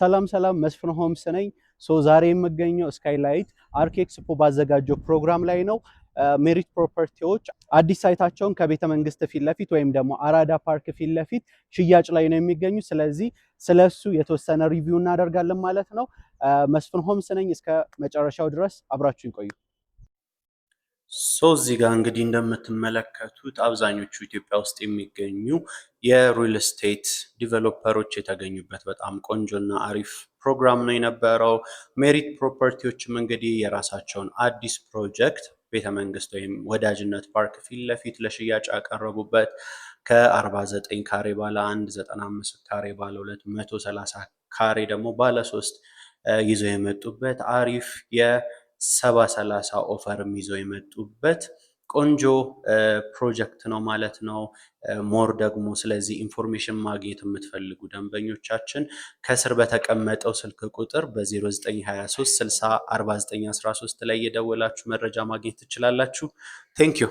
ሰላም ሰላም፣ መስፍን ሆምስ ነኝ። ሶ ዛሬ የምገኘው ስካይላይት አርክ ኤክስፖ ባዘጋጀው ፕሮግራም ላይ ነው። ሜሪት ፕሮፐርቲዎች አዲስ ሳይታቸውን ከቤተ መንግስት ፊት ለፊት ወይም ደግሞ አራዳ ፓርክ ፊት ለፊት ሽያጭ ላይ ነው የሚገኙ። ስለዚህ ስለሱ የተወሰነ ሪቪው እናደርጋለን ማለት ነው። መስፍን ሆምስ ነኝ። እስከ መጨረሻው ድረስ አብራችሁ ይቆዩ። ሰው እዚህ ጋር እንግዲህ እንደምትመለከቱት አብዛኞቹ ኢትዮጵያ ውስጥ የሚገኙ የሪል ስቴት ዲቨሎፐሮች የተገኙበት በጣም ቆንጆና አሪፍ ፕሮግራም ነው የነበረው። ሜሪት ፕሮፐርቲዎችም እንግዲህ የራሳቸውን አዲስ ፕሮጀክት ቤተ መንግስት ወይም ወዳጅነት ፓርክ ፊት ለፊት ለሽያጭ ያቀረቡበት ከ49 ካሬ ባለ 1፣ 95 ካሬ ባለ 2፣ 130 ካሬ ደግሞ ባለ 3 ይዘው የመጡበት አሪፍ የ ሰባ ሰላሳ ኦፈርም ይዘው የመጡበት ቆንጆ ፕሮጀክት ነው ማለት ነው። ሞር ደግሞ ስለዚህ ኢንፎርሜሽን ማግኘት የምትፈልጉ ደንበኞቻችን ከስር በተቀመጠው ስልክ ቁጥር በ0923 60 ላይ የደወላችሁ መረጃ ማግኘት ትችላላችሁ። ቴንኪዩ